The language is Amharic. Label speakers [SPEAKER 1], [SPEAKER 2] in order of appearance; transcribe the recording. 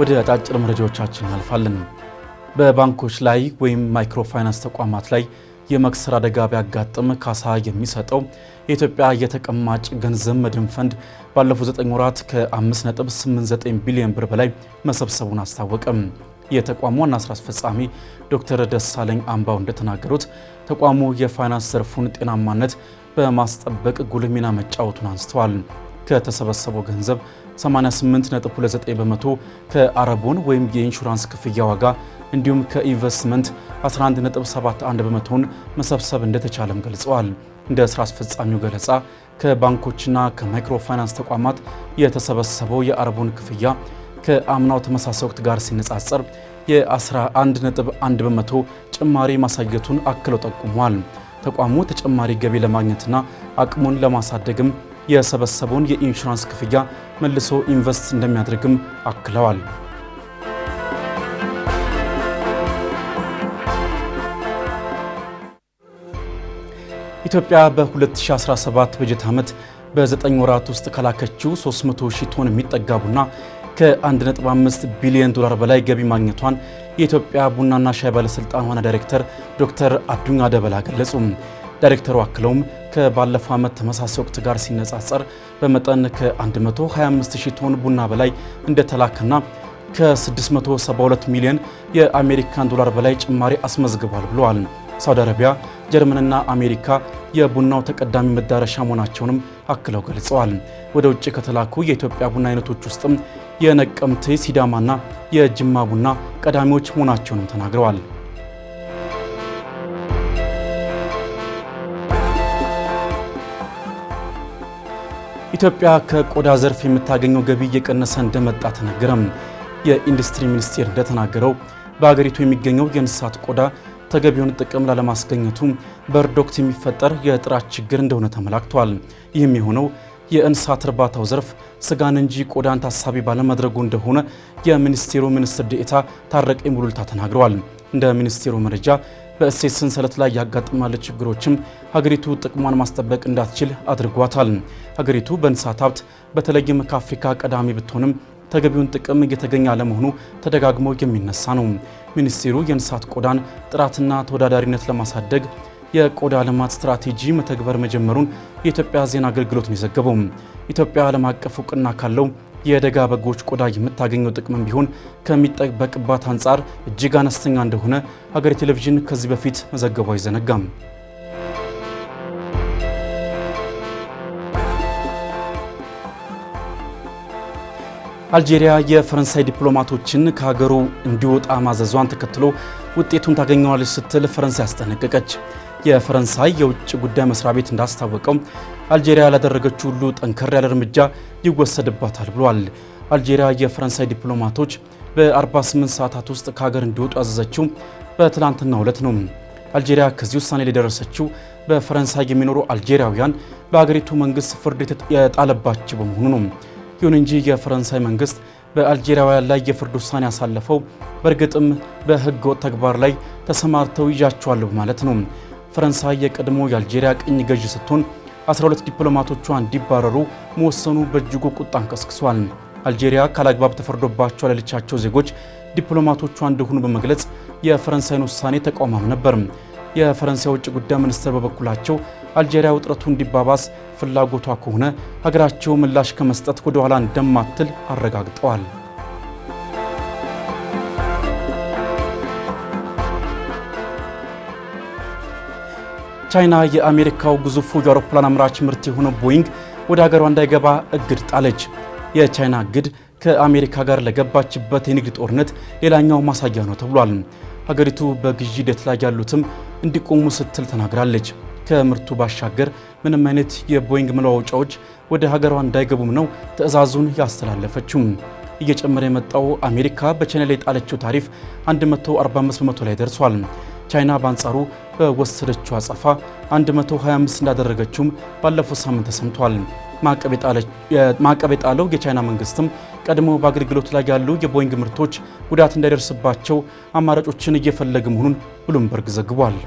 [SPEAKER 1] ወደ አጫጭር መረጃዎቻችን እናልፋለን። በባንኮች ላይ ወይም ማይክሮ ፋይናንስ ተቋማት ላይ የመክሰር አደጋ ቢያጋጥም ካሳ የሚሰጠው የኢትዮጵያ የተቀማጭ ገንዘብ መድን ፈንድ ባለፉት 9 ወራት ከ5.89 ቢሊዮን ብር በላይ መሰብሰቡን አስታወቀም። የተቋሙ ዋና ስራ አስፈጻሚ ዶክተር ደሳለኝ አምባው እንደተናገሩት ተቋሙ የፋይናንስ ዘርፉን ጤናማነት በማስጠበቅ ጉልህ ሚና መጫወቱን አንስተዋል። ከተሰበሰበው ገንዘብ 88.29 በመቶ ከአረቦን ወይም የኢንሹራንስ ክፍያ ዋጋ እንዲሁም ከኢንቨስትመንት 11.71 በመቶውን መሰብሰብ እንደተቻለም ገልጸዋል። እንደ ስራ አስፈጻሚው ገለጻ ከባንኮችና ከማይክሮፋይናንስ ተቋማት የተሰበሰበው የአረቦን ክፍያ ከአምናው ተመሳሳይ ወቅት ጋር ሲነጻጸር የ11.1 በመቶ ጭማሪ ማሳየቱን አክለው ጠቁሟል። ተቋሙ ተጨማሪ ገቢ ለማግኘትና አቅሙን ለማሳደግም የሰበሰበውን የኢንሹራንስ ክፍያ መልሶ ኢንቨስት እንደሚያደርግም አክለዋል።
[SPEAKER 2] ኢትዮጵያ በ2017 በጀት ዓመት በ9 ወራት ውስጥ ከላከችው 300 ሺህ ቶን የሚጠጋ ቡና ከ1.5 ቢሊዮን ዶላር በላይ ገቢ ማግኘቷን የኢትዮጵያ ቡናና ሻይ ባለሥልጣን ዋና ዳይሬክተር ዶክተር አዱኛ ደበላ ገለጹ። ዳይሬክተሩ አክለውም ከባለፈው ዓመት ተመሳሳይ ወቅት ጋር ሲነጻጸር በመጠን ከ 125000 ቶን ቡና በላይ እንደተላከና ከ672 ሚሊዮን የአሜሪካን ዶላር በላይ ጭማሪ አስመዝግቧል ብለዋል። ሳውዲ አረቢያ፣ ጀርመንና አሜሪካ የቡናው ተቀዳሚ መዳረሻ መሆናቸውንም አክለው ገልጸዋል። ወደ ውጭ ከተላኩ የኢትዮጵያ ቡና አይነቶች ውስጥም የነቀምቴ፣ ሲዳማና የጅማ ቡና ቀዳሚዎች መሆናቸውንም ተናግረዋል። ኢትዮጵያ ከቆዳ ዘርፍ የምታገኘው ገቢ እየቀነሰ እንደመጣ ተነገረም። የኢንዱስትሪ ሚኒስቴር እንደተናገረው በሀገሪቱ የሚገኘው የእንስሳት ቆዳ ተገቢውን ጥቅም ላለማስገኘቱ በእርድ ወቅት የሚፈጠር የጥራት ችግር እንደሆነ ተመላክቷል። ይህም የሆነው የእንስሳት እርባታው ዘርፍ ስጋን እንጂ ቆዳን ታሳቢ ባለመድረጉ እንደሆነ የሚኒስቴሩ ሚኒስትር ዴኤታ ታረቀኝ ሙሉልታ ተናግረዋል። እንደ ሚኒስቴሩ መረጃ በእሴት ሰንሰለት ላይ ያጋጥማለ ችግሮችም ሀገሪቱ ጥቅሟን ማስጠበቅ እንዳትችል አድርጓታል። ሀገሪቱ በእንስሳት ሀብት በተለይም ከአፍሪካ ቀዳሚ ብትሆንም ተገቢውን ጥቅም እየተገኘ አለመሆኑ ተደጋግሞ የሚነሳ ነው። ሚኒስቴሩ የእንስሳት ቆዳን ጥራትና ተወዳዳሪነት ለማሳደግ የቆዳ ልማት ስትራቴጂ መተግበር መጀመሩን የኢትዮጵያ ዜና አገልግሎት ነው የዘገበው። ኢትዮጵያ ዓለም አቀፍ እውቅና ካለው የደጋ በጎች ቆዳ የምታገኘው ጥቅምም ቢሆን ከሚጠበቅባት አንጻር እጅግ አነስተኛ እንደሆነ ሀገሬ ቴሌቪዥን ከዚህ በፊት መዘገቡ አይዘነጋም። አልጄሪያ የፈረንሳይ ዲፕሎማቶችን ከሀገሩ እንዲወጣ ማዘዟን ተከትሎ ውጤቱን ታገኘዋለች ስትል ፈረንሳይ አስጠነቀቀች። የፈረንሳይ የውጭ ጉዳይ መስሪያ ቤት እንዳስታወቀው አልጄሪያ ላደረገችው ሁሉ ጠንከር ያለ እርምጃ ይወሰድባታል ብሏል። አልጄሪያ የፈረንሳይ ዲፕሎማቶች በ48 ሰዓታት ውስጥ ከሀገር እንዲወጡ ያዘዘችው በትላንትናው ዕለት ነው። አልጄሪያ ከዚህ ውሳኔ ሊደረሰችው ደረሰችው በፈረንሳይ የሚኖሩ አልጄሪያውያን በሀገሪቱ መንግስት ፍርድ የጣለባቸው በመሆኑ ነው። ይሁን እንጂ የፈረንሳይ መንግስት በአልጄሪያውያን ላይ የፍርድ ውሳኔ ያሳለፈው በእርግጥም በህገ ወጥ ተግባር ላይ ተሰማርተው ይዣቸዋል ማለት ነው። ፈረንሳይ የቀድሞ የአልጄሪያ ቅኝ ገዢ ስትሆን 12 ዲፕሎማቶቿ እንዲባረሩ መወሰኑ በእጅጉ ቁጣን ቀስቅሷል። አልጄሪያ ካላግባብ ተፈርዶባቸው ያለቻቸው ዜጎች ዲፕሎማቶቿ እንደሆኑ በመግለጽ የፈረንሳይን ውሳኔ ተቃውማም ነበር። የፈረንሳይ ውጭ ጉዳይ ሚኒስትር በበኩላቸው አልጄሪያ ውጥረቱ እንዲባባስ ፍላጎቷ ከሆነ ሀገራቸው ምላሽ ከመስጠት ወደ ኋላ እንደማትል አረጋግጠዋል። ቻይና የአሜሪካው ግዙፉ የአውሮፕላን አምራች ምርት የሆነው ቦይንግ ወደ ሀገሯ እንዳይገባ እግድ ጣለች። የቻይና እግድ ከአሜሪካ ጋር ለገባችበት የንግድ ጦርነት ሌላኛው ማሳያ ነው ተብሏል። ሀገሪቱ በግዢ ሂደት ላይ ያሉትም እንዲቆሙ ስትል ተናግራለች። ከምርቱ ባሻገር ምንም አይነት የቦይንግ መለዋወጫዎች ወደ ሀገሯ እንዳይገቡም ነው ትዕዛዙን ያስተላለፈችው። እየጨመረ የመጣው አሜሪካ በቻይና ላይ የጣለችው ታሪፍ 145 በመቶ ላይ ደርሷል። ቻይና በአንጻሩ በወሰደችው አጸፋ 125 እንዳደረገችውም ባለፈው ሳምንት ተሰምቷል። ማዕቀብ የጣለው የቻይና መንግስትም ቀድሞ በአገልግሎት ላይ ያሉ የቦይንግ ምርቶች ጉዳት እንዳይደርስባቸው አማራጮችን እየፈለገ መሆኑን ብሉምበርግ ዘግቧል።